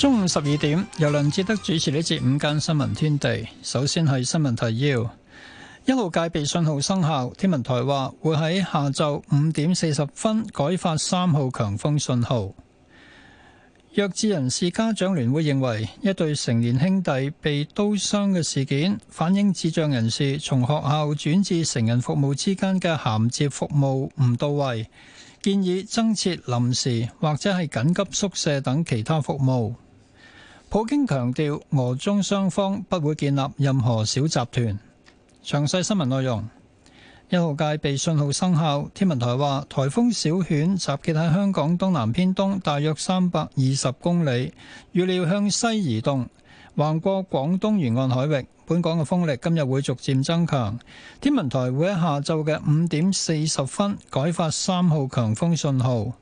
中午十二點，由梁志德主持呢節午間新聞天地。首先係新聞提要：一號戒備信號生效，天文台話會喺下晝五點四十分改發三號強風信號。弱智人士家長聯會認為，一對成年兄弟被刀傷嘅事件，反映智障人士從學校轉至成人服務之間嘅銜接服務唔到位，建議增設臨時或者係緊急宿舍等其他服務。普京強調俄中雙方不會建立任何小集團。詳細新聞內容，一號戒備信號生效。天文台話，颱風小犬集結喺香港東南偏東大約三百二十公里，預料向西移動，橫過廣東沿岸海域。本港嘅風力今日會逐漸增強，天文台會喺下晝嘅五點四十分改發三號強風信號。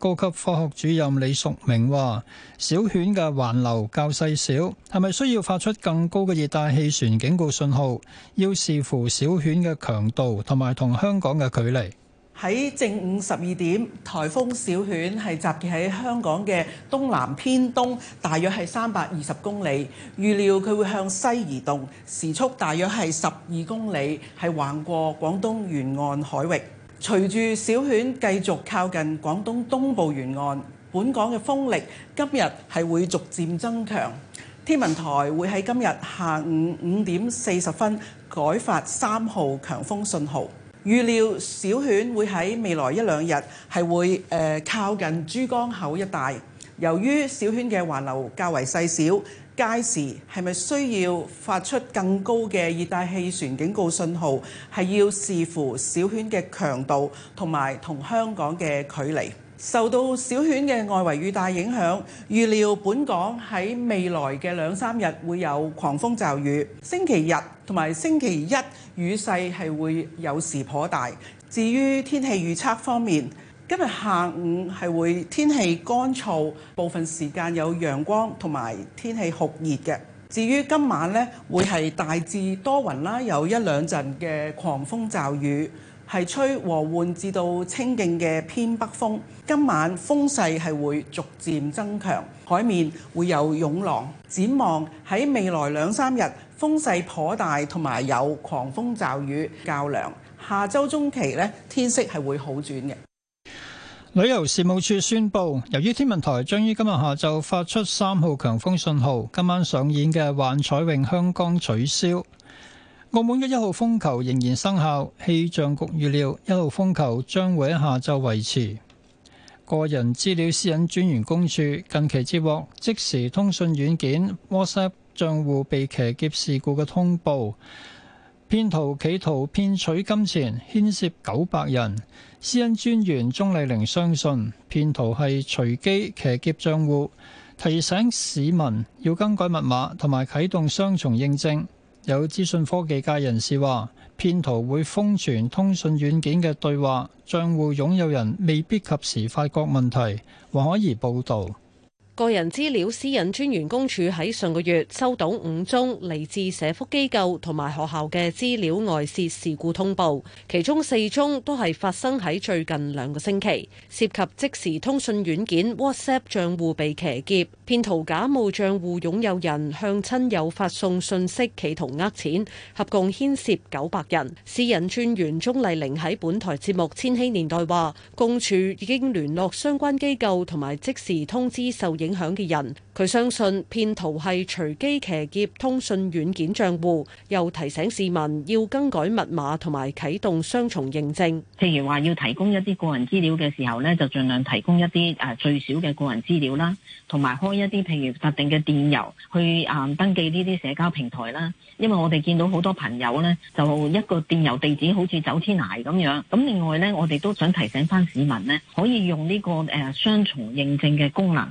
高級科學主任李淑明話，小犬嘅環流較細小，係咪需要發出更高嘅熱帶氣旋警告信號？要視乎小犬嘅強度同埋同香港嘅距離。喺正午十二點，颱風小犬係集結喺香港嘅東南偏東，大約係三百二十公里。預料佢會向西移動，時速大約係十二公里，係橫過廣東沿岸海域。隨住小犬繼續靠近廣東東部沿岸，本港嘅風力今日係會逐漸增強。天文台會喺今日下午五點四十分改發三號強風信號。預料小犬會喺未來一兩日係會誒，呃，靠近珠江口一帶。由於小犬嘅環流較為細小。屆時係咪需要發出更高嘅熱帶氣旋警告信號，係要視乎小犬嘅強度同埋同香港嘅距離，受到小犬嘅外圍雨帶影響，預料本港喺未來嘅兩三日會有狂風驟雨。星期日同埋星期一雨勢係會有時頗大。至於天氣預測方面，今日下午係會天氣乾燥，部分時間有陽光同埋天氣酷熱嘅。至於今晚呢，會係大致多雲啦，有一兩陣嘅狂風驟雨，係吹和緩至到清勁嘅偏北風。今晚風勢係會逐漸增強，海面會有湧浪。展望喺未來兩三日風勢頗大，同埋有狂風驟雨較涼。下周中期呢，天色係會好轉嘅。旅遊事務處宣佈，由於天文台將於今日下晝發出三號強風信號，今晚上演嘅幻彩詠香江取消。澳門嘅一號風球仍然生效，氣象局預料一號風球將會喺下晝維持。個人資料私隱專員公署近期接獲即時通訊軟件 WhatsApp 賬戶被騎劫事故嘅通報，騙徒企圖騙取金錢，牽涉九百人。私隱專員鍾麗玲相信騙徒係隨機騎劫賬戶，提醒市民要更改密碼同埋啟動雙重認證，有資訊科技界人士話騙徒會封存通訊軟件嘅對話，賬戶擁有人未必及時發覺問題，黃海怡報道。個人資料私隱專員公署喺上個月收到五宗嚟自社福機構同埋學校嘅資料外泄事故通報，其中四宗都係發生喺最近兩個星期，涉及即時通訊軟件 WhatsApp 賬戶被騎劫，騙徒假冒賬戶擁有人向親友發送信息，企圖呃錢，合共牽涉九百人。私隱專員鍾麗玲喺本台節目《千禧年代》話，公署已經聯絡相關機構同埋即時通知受影影響嘅人，佢相信騙徒係隨機騎劫通訊軟件賬戶，又提醒市民要更改密碼同埋啟動雙重認證。譬如話要提供一啲個人資料嘅時候咧，就盡量提供一啲誒最少嘅個人資料啦，同埋開一啲譬如特定嘅電郵去誒登記呢啲社交平台啦。因為我哋見到好多朋友咧，就一個電郵地址好似走天涯咁樣。咁另外咧，我哋都想提醒翻市民咧，可以用呢個誒雙重認證嘅功能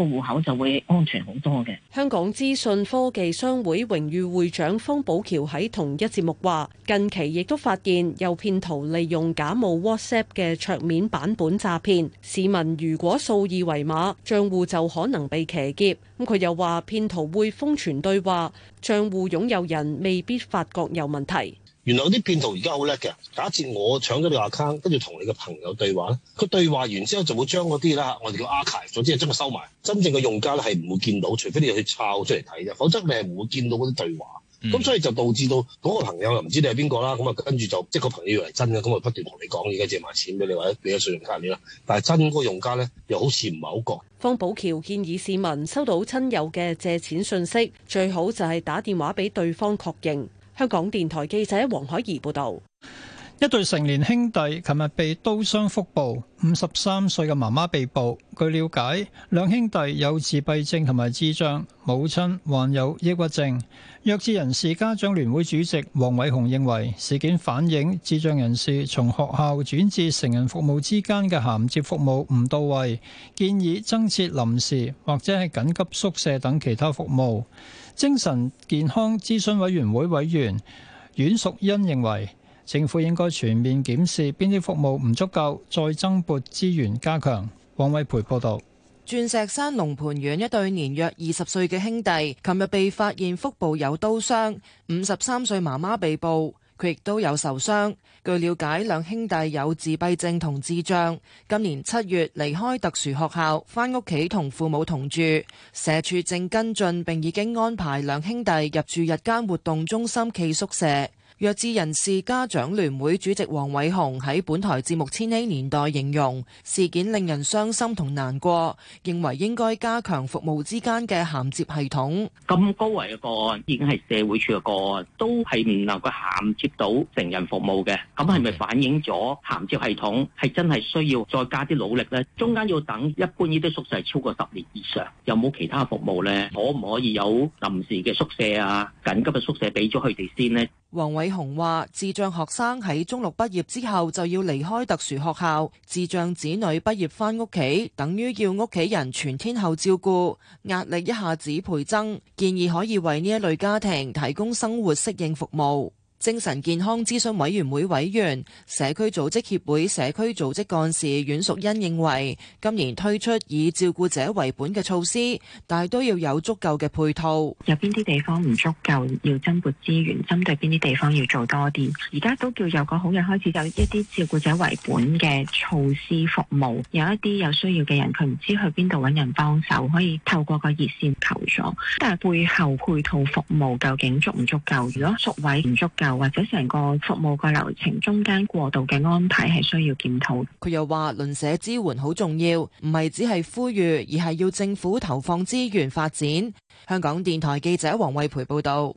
個戶口就會安全好多嘅。香港資訊科技商會榮譽會長方寶橋喺同一節目話，近期亦都發現有騙徒利用假冒 WhatsApp 嘅桌面版本詐騙市民。如果掃二維碼，賬戶就可能被騎劫。咁佢又話，騙徒會封存對話，賬戶擁有人未必發覺有問題。原來啲騙徒而家好叻嘅。假設我搶咗你 account，跟住同你嘅朋友對話咧。佢對話完之後，就會將嗰啲啦，我哋叫 archive，總之係將佢收埋。真正嘅用家咧係唔會見到，除非你去抄出嚟睇啫，否則你係唔會見到嗰啲對話。咁、嗯、所以就導致到嗰個朋友又唔知你係邊個啦。咁啊，跟住就即、是、係個朋友以為真嘅，咁啊不斷同你講而家借埋錢俾你或者俾咗信用卡入面啦。但係真嗰個用家咧又好似唔係好講。方寶橋建議市民收到親友嘅借錢信息，最好就係打電話俾對方確認。香港電台記者黃海怡報道：一對成年兄弟琴日被刀傷腹部，五十三歲嘅媽媽被捕。據了解，兩兄弟有自閉症同埋智障，母親患有抑鬱症。弱智人士家長聯會主席黃偉雄認為，事件反映智障人士從學校轉至成人服務之間嘅銜接服務唔到位，建議增設臨時或者係緊急宿舍等其他服務。精神健康諮詢委員會委員阮淑欣認為，政府應該全面檢視邊啲服務唔足夠，再增撥資源加強。王偉培報道：鑽石山龍盤苑一對年約二十歲嘅兄弟，琴日被發現腹部有刀傷，五十三歲媽媽被捕。佢亦都有受傷。據了解，兩兄弟有自閉症同智障，今年七月離開特殊學校，翻屋企同父母同住。社署正跟進並已經安排兩兄弟入住日間活動中心暨宿舍。弱智人士家長聯會主席黃偉雄喺本台節目《千禧年代》形容事件令人傷心同難過，認為應該加強服務之間嘅銜接系統。咁高危嘅個案已經係社會處嘅個案，都係唔能夠銜接到成人服務嘅，咁係咪反映咗銜接系統係真係需要再加啲努力呢？中間要等一般呢啲宿舍超過十年以上，有冇其他服務呢？可唔可以有臨時嘅宿舍啊、緊急嘅宿舍俾咗佢哋先呢？黃偉雄話，智障學生喺中六畢業之後就要離開特殊學校，智障子女畢業返屋企，等於要屋企人全天候照顧，壓力一下子倍增。建議可以為呢一類家庭提供生活適應服務。精神健康諮詢委員會委員、社區組織協會社區組織幹事阮淑欣認為，今年推出以照顧者為本嘅措施，但係都要有足夠嘅配套。有邊啲地方唔足夠，要增撥資源？針對邊啲地方要做多啲？而家都叫有個好嘅開始，有一啲照顧者為本嘅措施服務。有一啲有需要嘅人，佢唔知去邊度揾人幫手，可以透過個熱線求助。但係背後配套服務究竟足唔足夠？如果宿位唔足夠？或者成個服務個流程中間過渡嘅安排係需要檢討。佢又話，鄰舍支援好重要，唔係只係呼籲，而係要政府投放資源發展。香港電台記者黃慧培報道。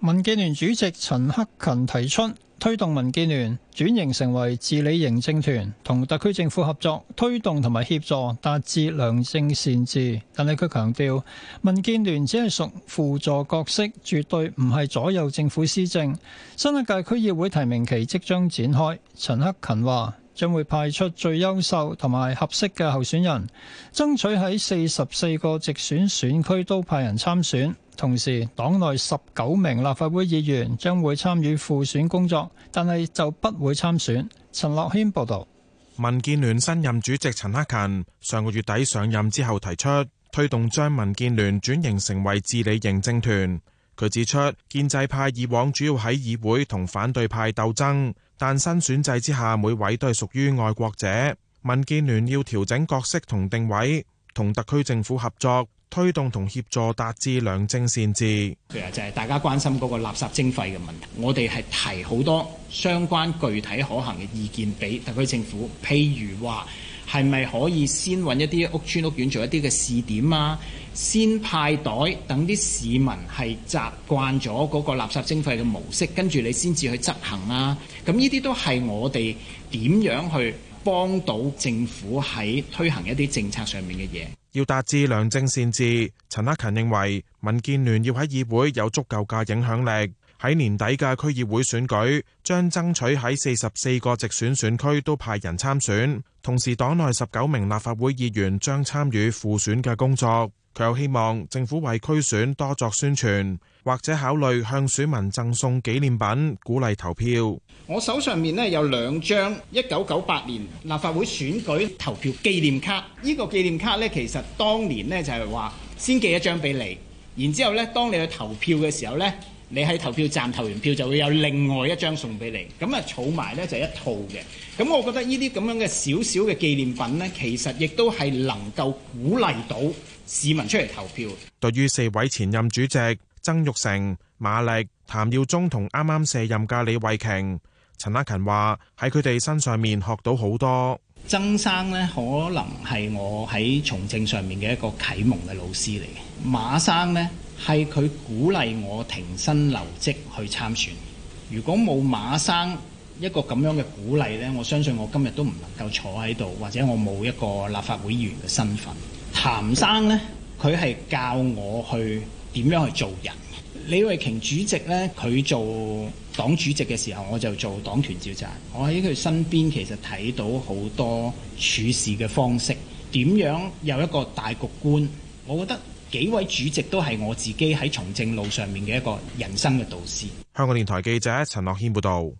民建聯主席陳克勤提出。推動民建聯轉型成為治理型政團，同特區政府合作推動同埋協助達至良政善治。但係佢強調，民建聯只係屬輔助角色，絕對唔係左右政府施政。新一屆區議會提名期即將展開，陳克勤話將會派出最優秀同埋合適嘅候選人，爭取喺四十四個直選選區都派人參選。同時，黨內十九名立法會議員將會參與輔選工作，但係就不會參選。陳樂軒報導。民建聯新任主席陳克勤上個月底上任之後，提出推動將民建聯轉型成為治理型政團。佢指出，建制派以往主要喺議會同反對派鬥爭，但新選制之下，每位都係屬於愛國者，民建聯要調整角色同定位，同特區政府合作。推動同協助達至良政善治，其實就係大家關心嗰個垃圾徵費嘅問題，我哋係提好多相關具體可行嘅意見俾特區政府，譬如話，係咪可以先揾一啲屋邨屋苑做一啲嘅試點啊，先派袋等啲市民係習慣咗嗰個垃圾徵費嘅模式，跟住你先至去執行啦、啊。咁呢啲都係我哋點樣去幫到政府喺推行一啲政策上面嘅嘢。要達至良政善治，陳克勤認為民建聯要喺議會有足夠嘅影響力，喺年底嘅區議會選舉將爭取喺四十四個直選選區都派人參選，同時黨內十九名立法會議員將參與副選嘅工作，佢又希望政府為區選多作宣傳。或者考慮向選民贈送紀念品，鼓勵投票。我手上面呢，有兩張一九九八年立法會選舉投票紀念卡。呢個紀念卡呢，其實當年呢，就係話先寄一張俾你，然之後呢，當你去投票嘅時候呢，你喺投票站投完票就會有另外一張送俾你。咁啊，儲埋呢，就一套嘅。咁我覺得呢啲咁樣嘅小小嘅紀念品呢，其實亦都係能夠鼓勵到市民出嚟投票。對於四位前任主席。曾鈺成、馬力、譚耀宗同啱啱卸任嘅李慧瓊，陳克勤話喺佢哋身上面學到好多。曾生呢，可能係我喺從政上面嘅一個啟蒙嘅老師嚟嘅。馬生呢，係佢鼓勵我停薪留職去參選。如果冇馬生一個咁樣嘅鼓勵呢，我相信我今日都唔能夠坐喺度，或者我冇一個立法會議員嘅身份。譚生呢，佢係教我去。點樣去做人？李慧瓊主席呢，佢做黨主席嘅時候，我就做黨團召集人。我喺佢身邊，其實睇到好多處事嘅方式，點樣有一個大局觀。我覺得幾位主席都係我自己喺從政路上面嘅一個人生嘅導師。香港電台記者陳樂軒報導。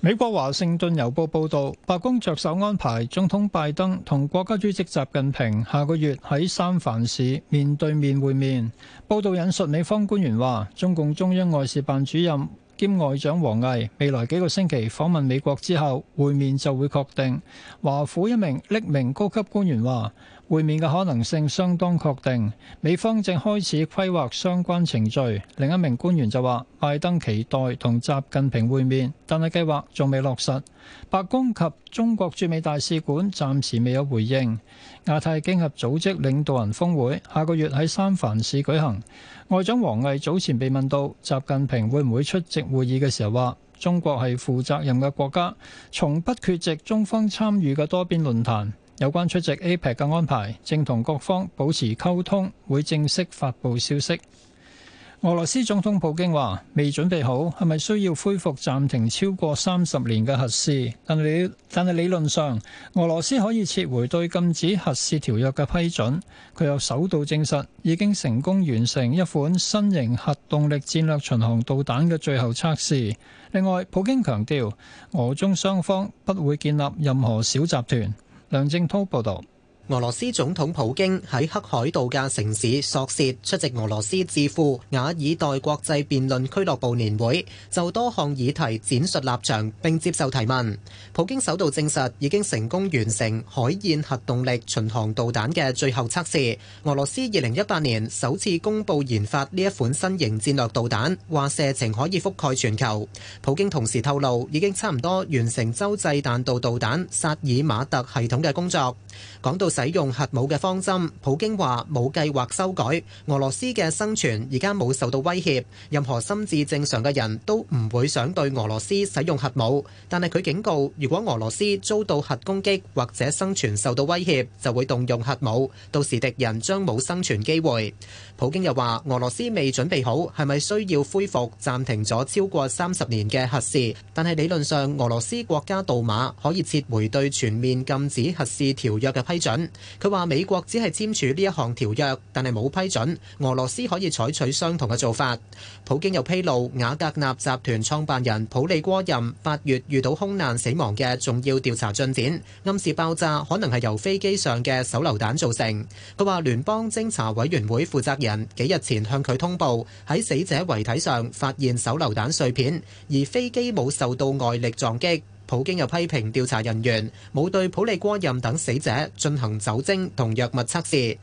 美國華盛頓郵報報道，白宮着手安排總統拜登同國家主席習近平下個月喺三藩市面對面會面。報道引述美方官員話，中共中央外事辦主任兼外長王毅未來幾個星期訪問美國之後，會面就會確定。華府一名匿名高級官員話：會面嘅可能性相當確定，美方正開始規劃相關程序。另一名官員就話：拜登期待同習近平會面，但係計劃仲未落實。白宮及中國駐美大使館暫時未有回應。亞太經合組織領導人峰會下個月喺三藩市舉行。外長王毅早前被問到習近平會唔會出席會議嘅時候，話中國係負責任嘅國家，從不缺席中方參與嘅多邊論壇。有關出席 APEC 嘅安排，正同各方保持溝通，會正式發布消息。俄羅斯總統普京話：未準備好，係咪需要恢復暫停超過三十年嘅核試？但，但係理論上，俄羅斯可以撤回對禁止核試條約嘅批准。佢又首度證實已經成功完成一款新型核動力戰略巡航導彈嘅最後測試。另外，普京強調，俄中雙方不會建立任何小集團。梁振濤報道。俄羅斯總統普京喺黑海度假城市索契出席俄羅斯智庫瓦爾代國際辯論俱樂部年會，就多項議題展述立場並接受提問。普京首度證實已經成功完成海燕核動力巡航導彈嘅最後測試。俄羅斯二零一八年首次公佈研發呢一款新型戰略導彈，話射程可以覆蓋全球。普京同時透露已經差唔多完成洲際彈道導彈薩爾馬特系統嘅工作。講到使用核武嘅方針，普京話冇計劃修改。俄羅斯嘅生存而家冇受到威脅，任何心智正常嘅人都唔會想對俄羅斯使用核武。但係佢警告，如果俄羅斯遭到核攻擊或者生存受到威脅，就會動用核武，到時敵人將冇生存機會。普京又話：俄羅斯未準備好，係咪需要恢復暫停咗超過三十年嘅核試？但係理論上，俄羅斯國家杜馬可以撤回對全面禁止核試條約嘅批准。佢話：美國只係簽署呢一項條約，但係冇批准，俄羅斯可以採取相同嘅做法。普京又披露，瓦格納集團創辦人普利戈任八月遇到空難死亡嘅重要調查進展，暗示爆炸可能係由飛機上嘅手榴彈造成。佢話：聯邦偵查委員會負責人人幾日前向佢通報，喺死者遺體上發現手榴彈碎片，而飛機冇受到外力撞擊。普京又批評調查人員冇對普利戈任等死者進行酒精同藥物測試。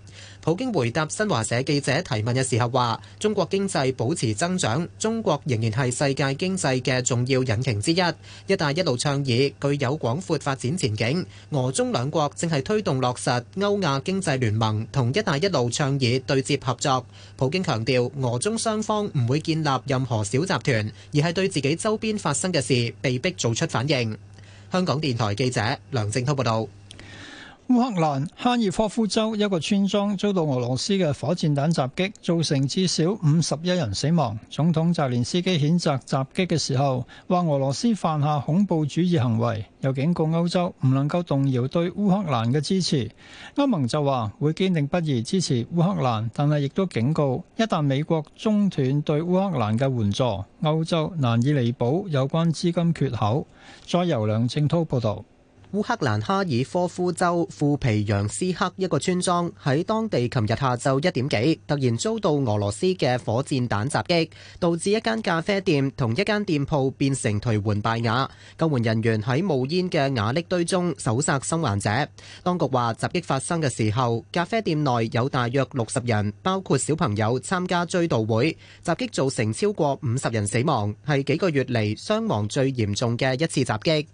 普京回答新華社記者提問嘅時候話，中國經濟保持增長，中國仍然係世界經濟嘅重要引擎之一。一帶一路倡議具有廣闊發展前景，俄中兩國正係推動落實歐亞經濟聯盟同一帶一路倡議對接合作。普京強調，俄中雙方唔會建立任何小集團，而係對自己周邊發生嘅事被逼做出反應。香港電台記者梁靜濤報道。烏克蘭哈爾科夫州一個村莊遭到俄羅斯嘅火箭彈襲擊，造成至少五十一人死亡。總統澤連斯基譴責襲擊嘅時候，話俄羅斯犯下恐怖主義行為，又警告歐洲唔能夠動搖對烏克蘭嘅支持。歐盟就話會堅定不移支持烏克蘭，但係亦都警告，一旦美國中斷對烏克蘭嘅援助，歐洲難以彌補有關資金缺口。再由梁正濤報道。烏克蘭哈爾科夫州庫皮揚斯克一個村莊喺當地琴日下晝一點幾，突然遭到俄羅斯嘅火箭彈襲擊，導致一間咖啡店同一間店鋪變成頹垣敗瓦，救援人員喺冒煙嘅瓦礫堆中搜殺生還者。當局話襲擊發生嘅時候，咖啡店內有大約六十人，包括小朋友參加追悼會。襲擊造成超過五十人死亡，係幾個月嚟傷亡最嚴重嘅一次襲擊。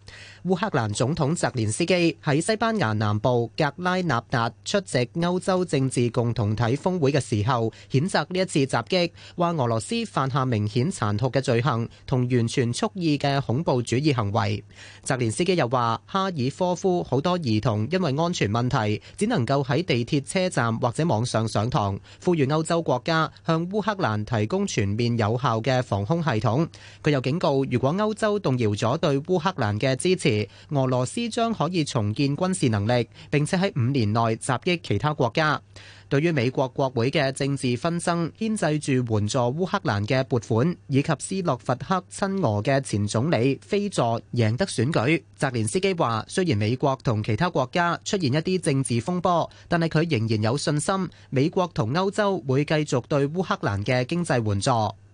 烏克蘭總統責。澤連斯基喺西班牙南部格拉納達出席歐洲政治共同體峰會嘅時候，譴責呢一次襲擊，話俄羅斯犯下明顯殘酷嘅罪行同完全蓄意嘅恐怖主義行為。澤連斯基又話，哈爾科夫好多兒童因為安全問題，只能夠喺地鐵車站或者網上上堂，呼籲歐洲國家向烏克蘭提供全面有效嘅防空系統。佢又警告，如果歐洲動搖咗對烏克蘭嘅支持，俄羅斯將將可以重建軍事能力，並且喺五年內襲擊其他國家。對於美國國會嘅政治紛爭牽制住援助烏克蘭嘅撥款，以及斯洛伐克親俄嘅前總理菲佐贏得選舉，澤連斯基話：雖然美國同其他國家出現一啲政治風波，但係佢仍然有信心，美國同歐洲會繼續對烏克蘭嘅經濟援助。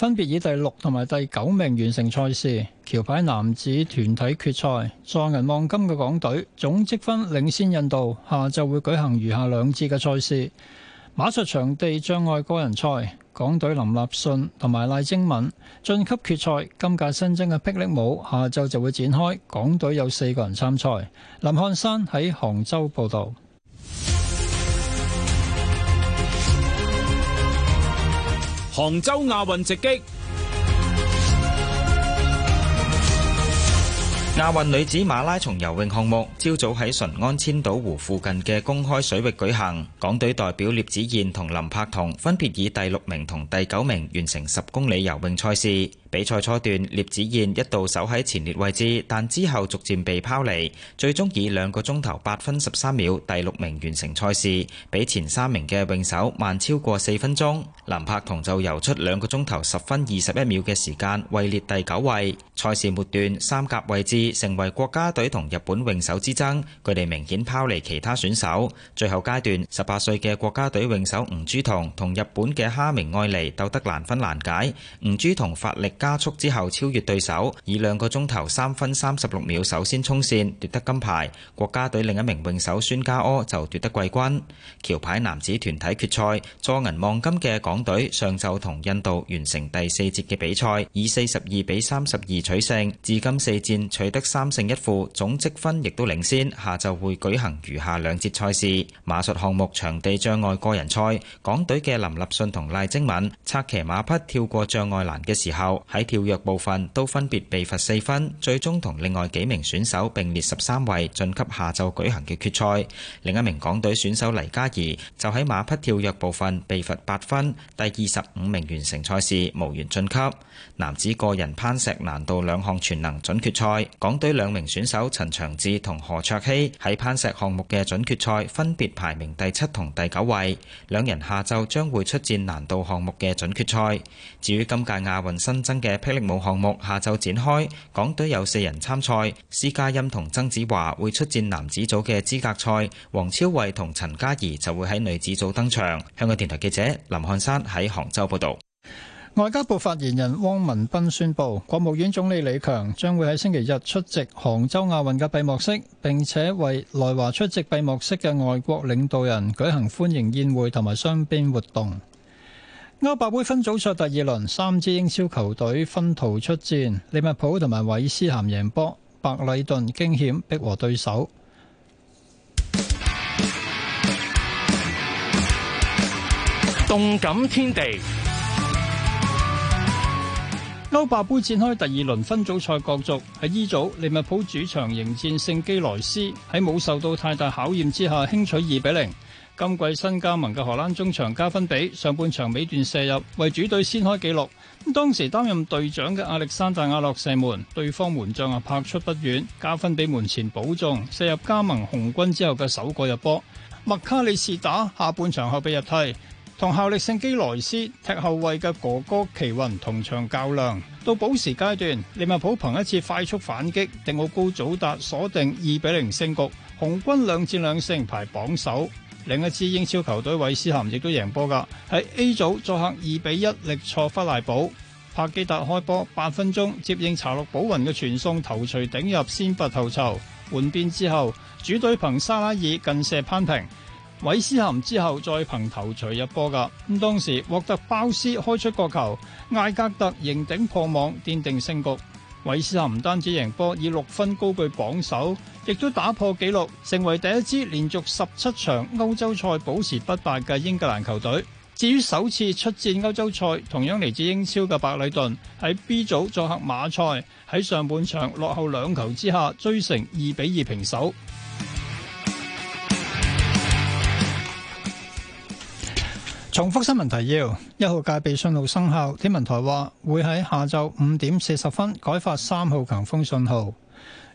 分別以第六同埋第九名完成賽事。橋牌男子團體決賽，撞銀望金嘅港隊總積分領先印度。下晝會舉行餘下兩次嘅賽事。馬術場地障礙個人賽，港隊林立信同埋賴晶敏晉級決賽。今屆新增嘅霹靂舞，下晝就會展開。港隊有四個人參賽。林漢山喺杭州報導。杭州亞運直擊，亞運女子馬拉松游泳項目，朝早喺淳安千島湖附近嘅公開水域舉行。港隊代表聶子彥同林柏彤分別以第六名同第九名完成十公里游泳賽事。比賽初段，聶子燕一度守喺前列位置，但之後逐漸被拋離，最終以兩個鐘頭八分十三秒第六名完成賽事，比前三名嘅泳手慢超過四分鐘。林柏彤就游出兩個鐘頭十分二十一秒嘅時間，位列第九位。賽事末段，三甲位置成為國家隊同日本泳手之爭，佢哋明顯拋離其他選手。最後階段，十八歲嘅國家隊泳手吳珠彤同日本嘅哈明愛尼鬥得難分難解，吳珠彤發力。加速之後超越對手，以兩個鐘頭三分三十六秒首先衝線，奪得金牌。國家隊另一名泳手孫家柯就奪得季軍。橋牌男子團體決賽，坐銀望金嘅港隊上晝同印度完成第四節嘅比賽，以四十二比三十二取勝。至今四戰取得三勝一負，總積分亦都領先。下晝會舉行餘下兩節賽事。馬術項目場地障礙個人賽，港隊嘅林立信同賴精敏策騎馬匹跳過障礙欄嘅時候。喺跳躍部分都分別被罰四分，最終同另外幾名選手並列十三位，晉級下晝舉行嘅決賽。另一名港隊選手黎嘉怡就喺馬匹跳躍部分被罰八分，第二十五名完成賽事，無緣晉級。男子個人攀石難度兩項全能準決賽，港隊兩名選手陳祥志同何卓希喺攀石項目嘅準決賽分別排名第七同第九位，兩人下晝將會出戰難度項目嘅準決賽。至於今屆亞運新增。嘅霹靂舞項目下晝展開，港隊有四人參賽，施嘉欣同曾子華會出戰男子組嘅資格賽，黃超慧同陳嘉怡就會喺女子組登場。香港電台記者林漢山喺杭州報道。外交部發言人汪文斌宣布，國務院總理李強將會喺星期日出席杭州亞運嘅閉幕式，並且為來華出席閉幕式嘅外國領導人舉行歡迎宴會同埋雙邊活動。歐霸杯分組賽第二輪，三支英超球隊分途出戰，利物浦同埋韋斯咸贏波，白禮頓驚險逼和對手。動感天地，歐霸杯展開第二輪分組賽角逐，喺 E 組，利物浦主場迎戰聖基萊斯，喺冇受到太大考驗之下，輕取二比零。0, 今季新加盟嘅荷蘭中場加分比上半場尾段射入，為主隊先開紀錄。當時擔任隊長嘅阿歷山大阿諾射門，對方門將啊拍出不遠，加分比門前補中射入加盟紅軍之後嘅首個入波。麥卡利士打下半場後備入替，同效力聖基萊斯踢後衛嘅哥哥奇雲同場較量。到補時階段，利物浦憑一次快速反擊，定奧高祖達鎖定二比零勝局，紅軍兩戰兩勝排榜首。另一支英超球隊韋斯咸亦都贏波噶，喺 A 組作客二比一力挫弗賴堡。帕基特開波八分鐘接應查洛保雲嘅傳送頭錘頂入先拔頭籌。換邊之後，主隊憑沙拉爾近射攀平。韋斯咸之後再憑頭錘入波噶。咁當時獲得包斯開出角球，艾格特迎頂破網奠定勝局。韋斯咸唔單止贏波，以六分高居榜首，亦都打破紀錄，成為第一支連續十七場歐洲賽保持不敗嘅英格蘭球隊。至於首次出戰歐洲賽，同樣嚟自英超嘅白里頓喺 B 組作客馬賽，喺上半場落後兩球之下追成二比二平手。重複新聞提要：一號戒備信號生效，天文台話會喺下晝五點四十分改發三號強風信號。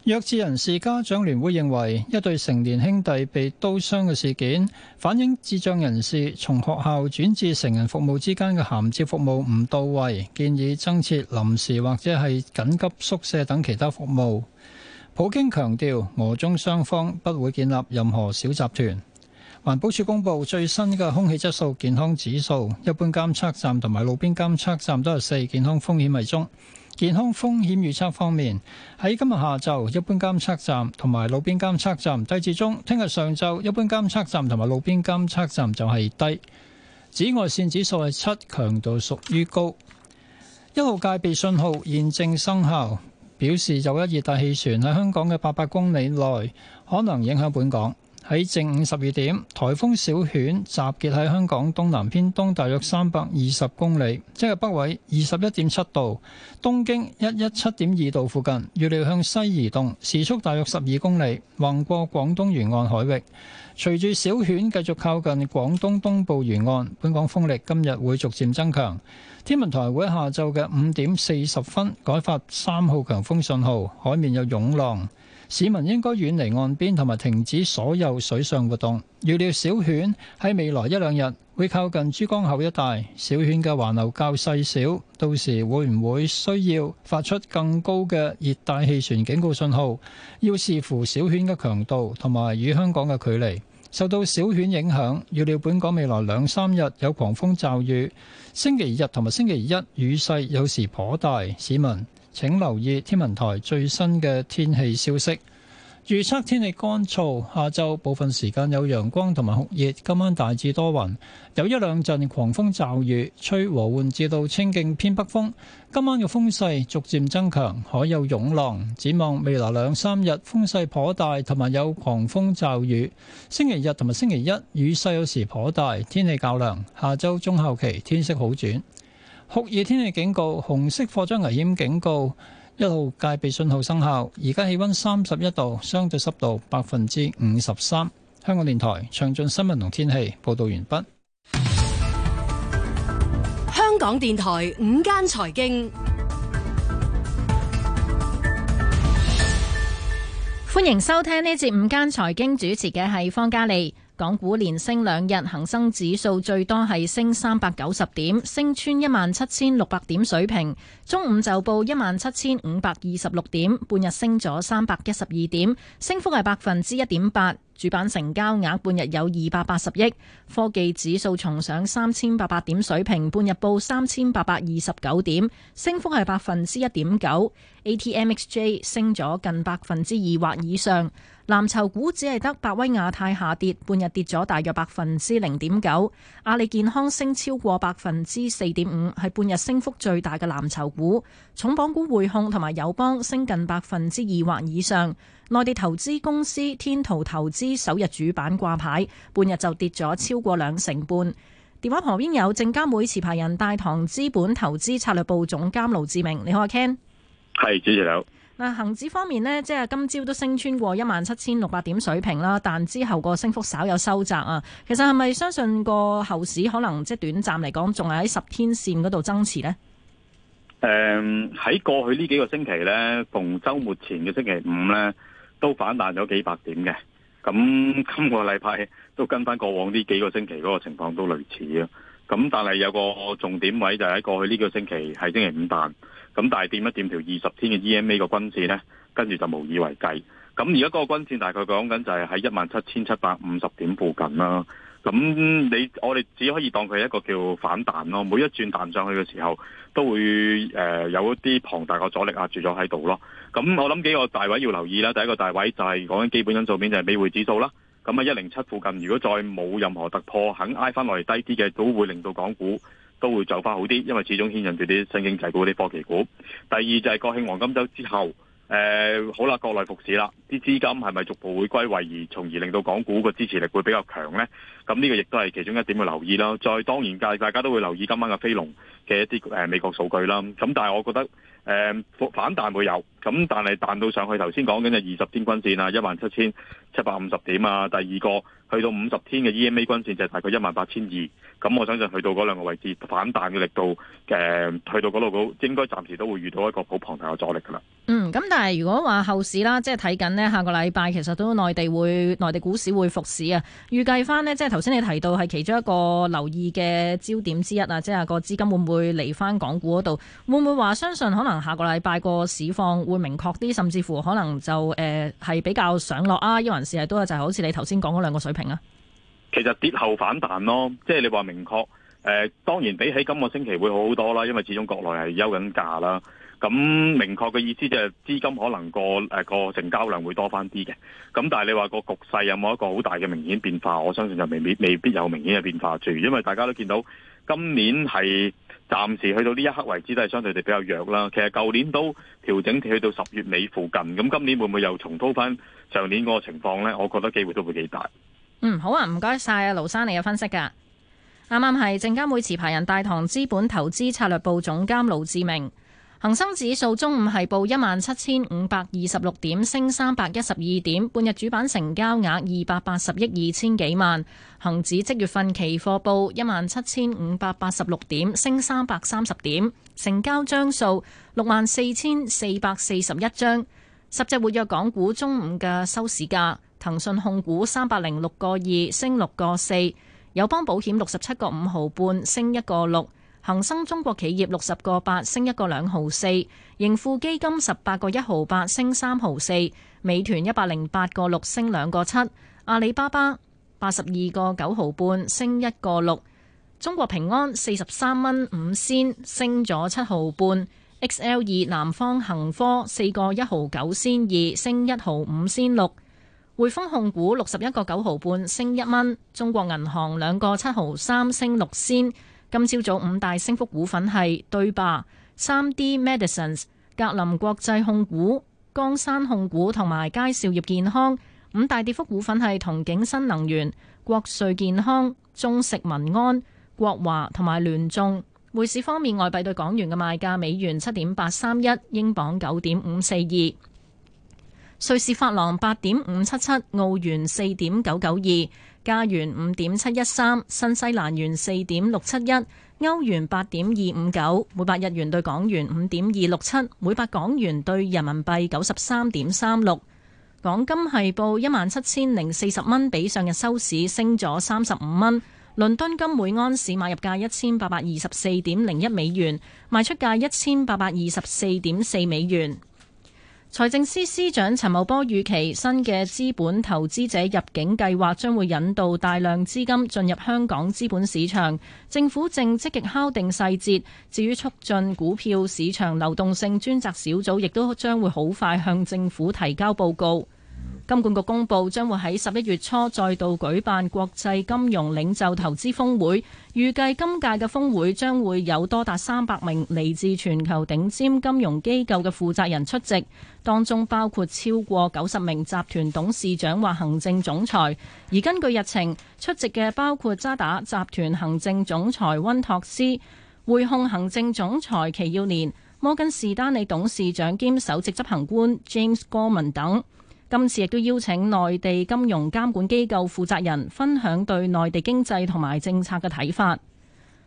弱智人士家長聯會認為，一對成年兄弟被刀傷嘅事件，反映智障人士從學校轉至成人服務之間嘅銜接服務唔到位，建議增設臨時或者係緊急宿舍等其他服務。普京強調，俄中雙方不會建立任何小集團。環保署公布最新嘅空氣質素健康指數，一般監測站同埋路邊監測站都係四健康風險為中。健康風險預測方面，喺今日下晝，一般監測站同埋路邊監測站低至中；聽日上晝，一般監測站同埋路邊監測站就係低。紫外線指數係七，強度屬於高。一號戒備信號現正生效，表示有一熱帶氣旋喺香港嘅八百公里內，可能影響本港。喺正午十二點，颱風小犬集結喺香港東南偏東大約三百二十公里，即係北緯二十一點七度，東經一一七點二度附近，預料向西移動，時速大約十二公里，橫過廣東沿岸海域。隨住小犬繼續靠近廣東東部沿岸，本港風力今日會逐漸增強。天文台會下晝嘅五點四十分改發三號強風信號，海面有湧浪。市民應該遠離岸邊同埋停止所有水上活動。預料小犬喺未來一兩日會靠近珠江口一帶，小犬嘅環流較細小，到時會唔會需要發出更高嘅熱帶氣旋警告信號，要視乎小犬嘅強度同埋與香港嘅距離。受到小犬影響，預料本港未來兩三日有狂風驟雨，星期日同埋星期一雨勢有時頗大，市民，請留意天文台最新嘅天氣消息。預測天氣乾燥，下晝部分時間有陽光同埋酷熱。今晚大致多雲，有一兩陣狂風驟雨，吹和緩至到清勁偏北風。今晚嘅風勢逐漸增強，海有湧浪。展望未來兩三日，風勢頗大，同埋有，有狂風驟雨。星期日同埋星期一，雨勢有時頗大，天氣較涼。下周中後期天色好轉。酷熱天氣警告，紅色火災危險警告，一號戒備信號生效。而家氣溫三十一度，相對濕度百分之五十三。香港電台詳盡新聞同天氣報道完畢。香港電台午間財經，歡迎收聽呢節午間財經主持嘅係方嘉莉。港股連升兩日，恒生指數最多係升三百九十點，升穿一萬七千六百點水平。中午就報一萬七千五百二十六點，半日升咗三百一十二點，升幅係百分之一點八。主板成交額半日有二百八十億，科技指數重上三千八百點水平，半日報三千八百二十九點，升幅係百分之一點九。ATMXJ 升咗近百分之二或以上，藍籌股只係得百威亞太下跌，半日跌咗大約百分之零點九。阿里健康升超過百分之四點五，係半日升幅最大嘅藍籌股。重磅股匯控同埋友邦升近百分之二或以上。內地投資公司天圖投資首日主板掛牌，半日就跌咗超過兩成半。電話旁邊有證監會持牌人大唐資本投資策略部總監盧志明，你好阿 Ken。係，主持人。嗱，恒指方面呢，即係今朝都升穿過一萬七千六百點水平啦，但之後個升幅稍有收窄啊。其實係咪相信個後市可能即短暫嚟講，仲係喺十天線嗰度爭持呢？誒、嗯，喺過去呢幾個星期呢，逢周末前嘅星期五呢。都反彈咗幾百點嘅，咁、嗯、今個禮拜都跟翻過往呢幾個星期嗰個情況都類似咯。咁、嗯、但係有個重點位就係喺過去呢個星期係星期五彈，咁、嗯、但係掂一掂條二十天嘅 EMA 個均線呢，跟住就無以為繼。咁而家嗰個均線大概講緊就係喺一萬七千七百五十點附近啦。咁你我哋只可以當佢一個叫反彈咯，每一轉彈上去嘅時候，都會誒、呃、有一啲龐大嘅阻力壓住咗喺度咯。咁、嗯、我諗幾個大位要留意啦，第一個大位就係講緊基本因素面就係、是、美匯指數啦，咁喺一零七附近，如果再冇任何突破，肯捱翻落嚟，低啲嘅，都會令到港股都會走翻好啲，因為始終牽引住啲新經濟股、啲科技股。第二就係國慶黃金週之後。誒、嗯，好啦，國內復市啦，啲資金係咪逐步會歸位，而從而令到港股嘅支持力會比較強呢？咁、嗯、呢、這個亦都係其中一點要留意咯。再當然，大大家都會留意今晚嘅非農嘅一啲誒美國數據啦。咁、嗯、但係我覺得誒、嗯、反彈會有。咁但係彈到上去，頭先講緊嘅二十天均線啊，一萬七千七百五十點啊，第二個去到五十天嘅 EMA 均線就係大概一萬八千二。咁我相信去到嗰兩個位置反彈嘅力度，誒、呃，去到嗰度好，應該暫時都會遇到一個好龐大嘅阻力㗎啦。嗯，咁但係如果話後市啦，即係睇緊呢下個禮拜其實都內地會內地股市會復市啊，預計翻呢，即係頭先你提到係其中一個留意嘅焦點之一啊，即係個資金會唔會嚟返港股嗰度？會唔會話相信可能下個禮拜個市況會會明確啲，甚至乎可能就誒係、呃、比較上落啊，依回事係都就係好似你頭先講嗰兩個水平啊。其實跌後反彈咯，即係你話明確誒、呃，當然比起今個星期會好好多啦，因為始終國內係休緊假啦。咁明確嘅意思就係資金可能個誒、呃、個成交量會多翻啲嘅。咁但係你話個局勢有冇一個好大嘅明顯變化？我相信就未必未必有明顯嘅變化住，因為大家都見到今年係。暫時去到呢一刻為止，都係相對地比較弱啦。其實舊年都調整到去到十月尾附近，咁今年會唔會又重蹈翻上年嗰個情況呢？我覺得機會都會幾大。嗯，好啊，唔該晒啊，盧生你嘅分析㗎。啱啱係證監會持牌人大唐資本投資策略部總監盧志明。恒生指數中午係報一萬七千五百二十六點，升三百一十二點，半日主板成交額二百八十億二千幾萬。恒指即月份期貨報一萬七千五百八十六點，升三百三十點，成交張數六萬四千四百四十一張。十隻活躍港股中午嘅收市價，騰訊控股三百零六個二，升六個四；友邦保險六十七個五毫半，升一個六。恒生中國企業六十個八升一個兩毫四，盈富基金十八個一毫八升三毫四，美團一百零八個六升兩個七，阿里巴巴八十二個九毫半升一個六，中國平安四十三蚊五仙升咗七毫半，XL 二南方恒科四個一毫九仙二升一毫五仙六，匯豐控股六十一個九毫半升一蚊，中國銀行兩個七毫三升六仙。今朝早，早五大升幅股份係對吧？三 D Medicines、格林國際控股、江山控股同埋佳兆業健康。五大跌幅股份係同景新能源、國瑞健康、中食民安、國華同埋聯眾。匯市方面，外幣對港元嘅賣價：美元七點八三一，英鎊九點五四二，瑞士法郎八點五七七，澳元四點九九二。加元五點七一三，13, 新西蘭元四點六七一，歐元八點二五九，每百日元兌港元五點二六七，每百港元兌人民幣九十三點三六。港金係報一萬七千零四十蚊，比上日收市升咗三十五蚊。倫敦金每安士買入價一千八百二十四點零一美元，賣出價一千八百二十四點四美元。財政司司長陳茂波預期新嘅資本投資者入境計劃將會引導大量資金進入香港資本市場，政府正積極敲定細節。至於促進股票市場流動性專責小組，亦都將會好快向政府提交報告。金管局公布將會喺十一月初再度舉辦國際金融領袖投資峰會，預計今屆嘅峰會將會有多達三百名嚟自全球頂尖金融機構嘅負責人出席，當中包括超過九十名集團董事長或行政總裁。而根據日程出席嘅包括渣打集團行政總裁溫托斯、匯控行政總裁祁耀年、摩根士丹利董事長兼首席執行官 James 戈文等。今次亦都邀請內地金融監管機構負責人分享對內地經濟同埋政策嘅睇法。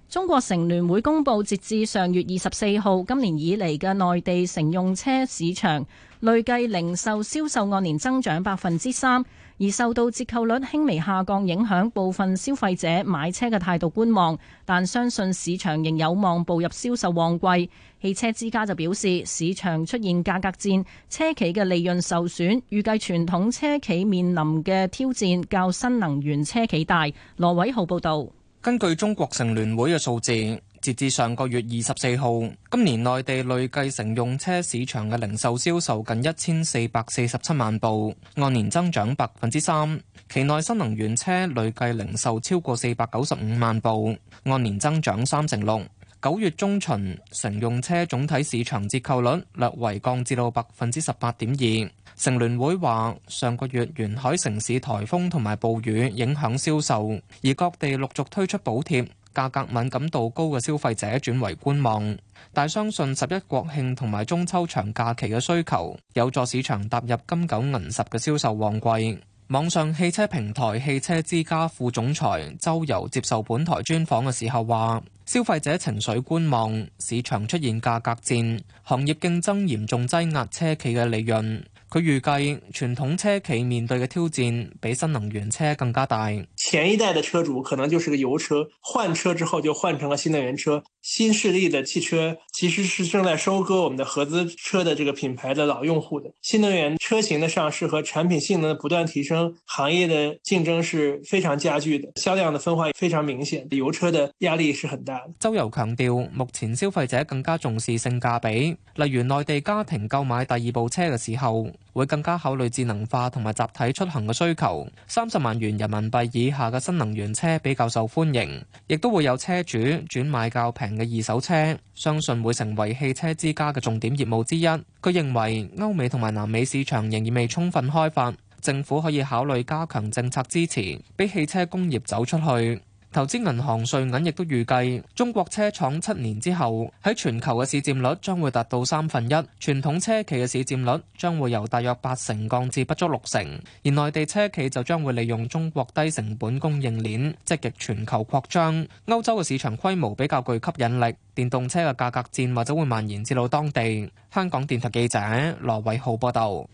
中國乘聯會公布，截至上月二十四號，今年以嚟嘅內地乘用車市場累計零售銷售按年增長百分之三。而受到折扣率輕微下降影響，部分消費者買車嘅態度觀望，但相信市場仍有望步入銷售旺季。汽車之家就表示，市場出現價格戰，車企嘅利潤受損，預計傳統車企面臨嘅挑戰較新能源車企大。羅偉豪報道，根據中國成聯會嘅數字，截至上個月二十四號，今年內地累計乘用車市場嘅零售銷售近一千四百四十七萬部，按年增長百分之三。期內新能源車累計零售超過四百九十五萬部，按年增長三成六。九月中旬，乘用車總體市場折扣率略為降至到百分之十八點二。乘聯會話，上個月沿海城市颱風同埋暴雨影響銷售，而各地陸續推出補貼。價格敏感度高嘅消費者轉為觀望，但相信十一國慶同埋中秋長假期嘅需求有助市場踏入金九銀十嘅銷售旺季。網上汽車平台汽車之家副總裁周游接受本台專訪嘅時候話，消費者情緒觀望，市場出現價格戰，行業競爭嚴重擠壓車企嘅利潤。佢預計傳統車企面對嘅挑戰比新能源車更加大。前一代嘅車主可能就是個油車，換車之後就換成了新能源車。新勢力的汽車其實是正在收割我們的合資車的這個品牌，的老用戶的新能源車型的上市和產品性能的不斷提升，行業的競爭是非常加劇的，銷量的分化非常明顯，油車的壓力是很大的。周游強調，目前消費者更加重視性價比，例如內地家庭購買第二部車嘅時候，會更加考慮智能化同埋集體出行嘅需求。三十萬元人民幣以下嘅新能源車比較受歡迎，亦都會有車主轉買較平嘅二手車相信會成為汽車之家嘅重點業務之一。佢認為歐美同埋南美市場仍然未充分開發，政府可以考慮加強政策支持，俾汽車工業走出去。投資銀行瑞銀亦都預計，中國車廠七年之後喺全球嘅市佔率將會達到三分一，傳統車企嘅市佔率將會由大約八成降至不足六成，而內地車企就將會利用中國低成本供應鏈積極全球擴張。歐洲嘅市場規模比較具吸引力，電動車嘅價格戰或者會蔓延至到當地。香港電台記者羅偉浩報道。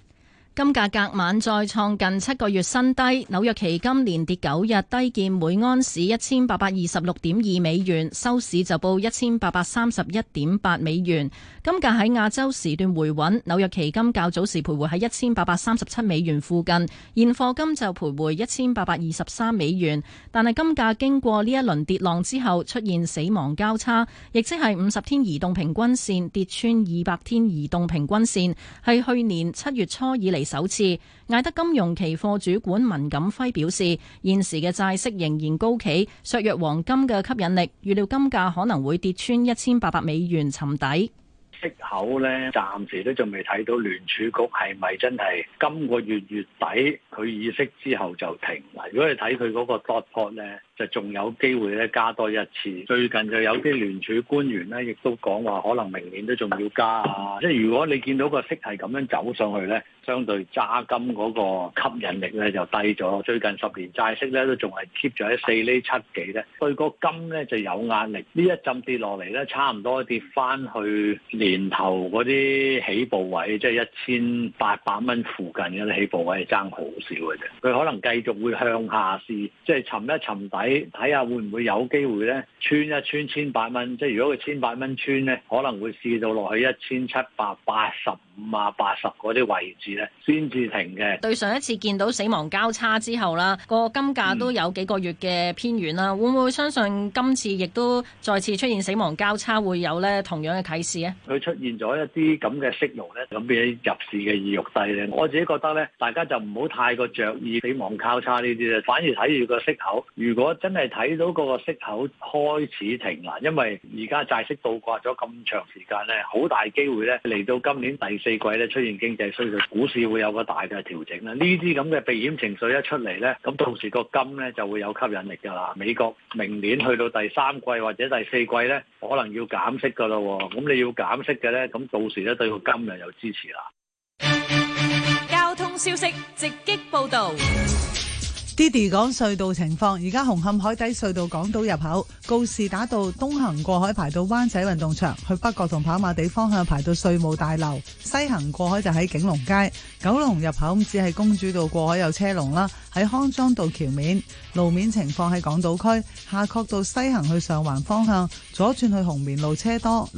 金價隔晚再創近七個月新低，紐約期金連跌九日低見每安士一千八百二十六點二美元，收市就報一千八百三十一點八美元。金價喺亞洲時段回穩，紐約期金較早時徘徊喺一千八百三十七美元附近，現貨金就徘徊一千八百二十三美元。但係金價經過呢一輪跌浪之後，出現死亡交叉，亦即係五十天移動平均線跌穿二百天移動平均線，係去年七月初以嚟。首次，艾德金融期貨主管文錦輝表示，現時嘅債息仍然高企，削弱黃金嘅吸引力。預料金價可能會跌穿一千八百美元沉底。息口咧，暫時都仲未睇到聯儲局係咪真係今個月月底佢議息之後就停埋。如果你睇佢嗰個 dot plot 咧，就仲有機會咧加多一次，最近就有啲聯儲官員咧，亦都講話可能明年都仲要加啊！即係如果你見到個息係咁樣走上去咧，相對揸金嗰個吸引力咧就低咗。最近十年債息咧都仲係 keep 咗喺四厘七幾咧，對個金咧就有壓力。呢一陣跌落嚟咧，差唔多跌翻去年頭嗰啲起步位，即係一千八百蚊附近嗰啲起步位，係爭好少嘅啫。佢可能繼續會向下試，即係沉一沉底。睇下會唔會有機會咧，穿一穿千八蚊，即係如果佢千八蚊穿咧，可能會試到落去一千七百八十五啊八十嗰啲位置咧，先至停嘅。對上一次見到死亡交叉之後啦，個金價都有幾個月嘅偏遠啦，嗯、會唔會相信今次亦都再次出現死亡交叉，會有咧同樣嘅啟示咧？佢出現咗一啲咁嘅息容咧，咁變成入市嘅意欲低咧，我自己覺得咧，大家就唔好太過着意死亡交叉呢啲咧，反而睇住個息口，如果真係睇到個息口開始停啦，因為而家債息倒掛咗咁長時間咧，好大機會咧嚟到今年第四季咧出現經濟衰退，股市會有個大嘅調整啦。呢啲咁嘅避險情緒一出嚟咧，咁到時個金咧就會有吸引力噶啦。美國明年去到第三季或者第四季咧，可能要減息噶咯，咁你要減息嘅咧，咁到時咧對個金又有支持啦。交通消息直擊報導。Diddy 講隧道情況，而家紅磡海底隧道港島入口告士打道東行過海排到灣仔運動場，去北角同跑馬地方向排到稅務大樓；西行過海就喺景隆街、九龍入口，只係公主道過海有車龍啦。喺康莊道橋面路面情況喺港島區夏慤道西行去上環方向左轉去紅棉路車多。